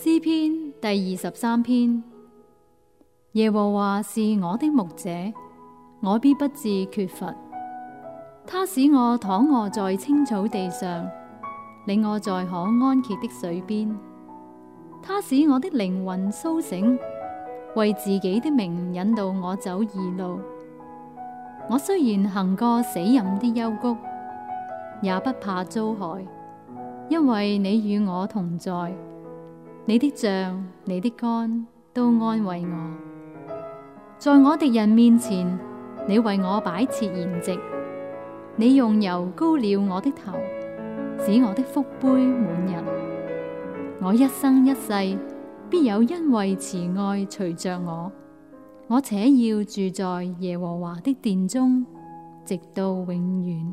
詩篇第二十三篇：耶和華是我的牧者，我必不致缺乏。他使我躺臥在青草地上，領我在可安歇的水邊。他使我的靈魂蘇醒，為自己的名引導我走義路。我雖然行過死蔭的幽谷，也不怕遭害，因為你與我同在。你的杖，你的竿，都安慰我。在我敵人面前，你為我擺設筵席，你用油膏了我的頭，使我的福杯滿溢。我一生一世必有恩惠慈愛隨着我，我且要住在耶和華的殿中，直到永遠。